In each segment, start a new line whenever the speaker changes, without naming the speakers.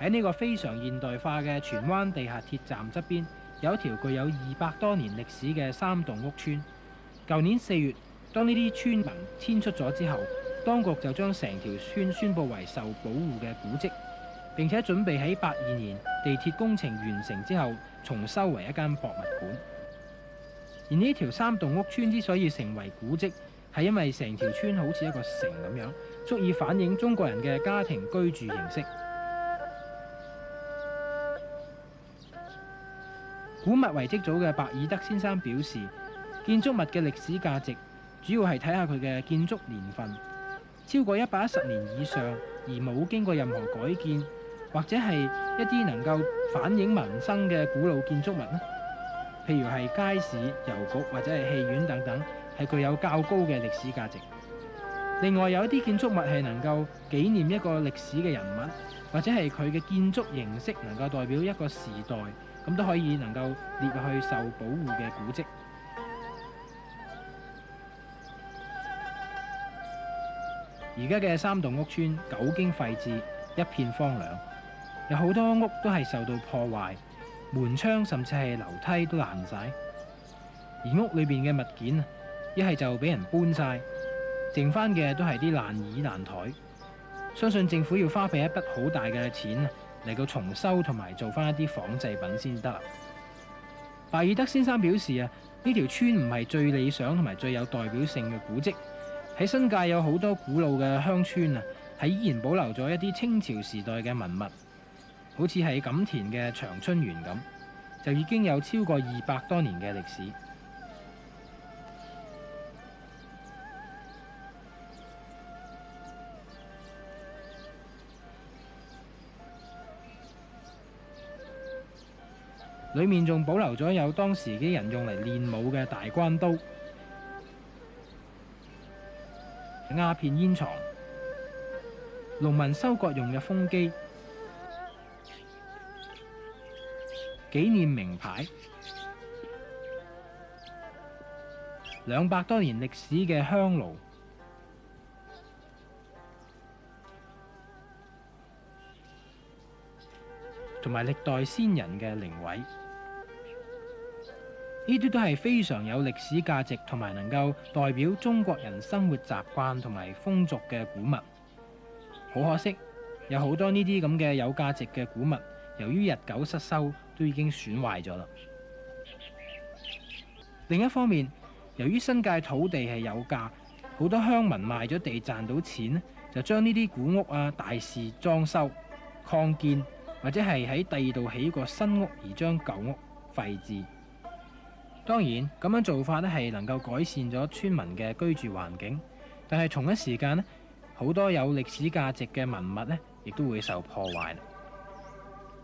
喺呢個非常現代化嘅荃灣地下鐵站側邊，有一條具有二百多年歷史嘅三棟屋村。舊年四月，當呢啲村民遷出咗之後，當局就將成條村宣佈為受保護嘅古蹟，並且準備喺八二年地鐵工程完成之後，重修為一間博物館。而呢條三棟屋村之所以成為古蹟，係因為成條村好似一個城咁樣，足以反映中國人嘅家庭居住形式。古物遺蹟組嘅白爾德先生表示，建築物嘅歷史價值主要係睇下佢嘅建築年份，超過一百一十年以上而冇經過任何改建，或者係一啲能夠反映民生嘅古老建築物。譬如係街市、郵局或者係戲院等等，係具有較高嘅歷史價值。另外有一啲建築物係能夠紀念一個歷史嘅人物，或者係佢嘅建築形式能夠代表一個時代。咁都可以能夠列入去受保護嘅古蹟。而家嘅三棟屋村久經廢置，一片荒涼，有好多屋都係受到破壞，門窗甚至係樓梯都爛晒。而屋裏邊嘅物件一係就俾人搬晒，剩翻嘅都係啲爛椅爛台。相信政府要花費一筆好大嘅錢嚟到重修同埋做翻一啲仿製品先得。白爾德先生表示啊，呢條村唔係最理想同埋最有代表性嘅古蹟。喺新界有好多古老嘅鄉村啊，係依然保留咗一啲清朝時代嘅文物，好似喺錦田嘅長春園咁，就已經有超過二百多年嘅歷史。裏面仲保留咗有當時嘅人用嚟練武嘅大關刀、鴉片煙廠、農民收割用嘅風機、紀念名牌、兩百多年歷史嘅香爐，同埋歷代先人嘅靈位，呢啲都係非常有歷史價值，同埋能夠代表中國人生活習慣同埋風俗嘅古物。好可惜，有好多呢啲咁嘅有價值嘅古物，由於日久失修，都已經損壞咗啦。另一方面，由於新界土地係有價，好多鄉民賣咗地賺到錢，就將呢啲古屋啊，大肆裝修、擴建。或者係喺第二度起個新屋，而將舊屋廢置，當然咁樣做法呢係能夠改善咗村民嘅居住環境，但係同一時間呢，好多有歷史價值嘅文物呢亦都會受破壞。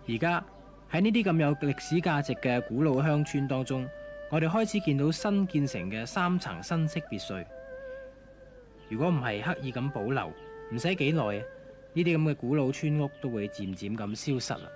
而家喺呢啲咁有歷史價值嘅古老鄉村當中，我哋開始見到新建成嘅三層新式別墅。如果唔係刻意咁保留，唔使幾耐呢啲咁嘅古老村屋都會漸漸咁消失啦。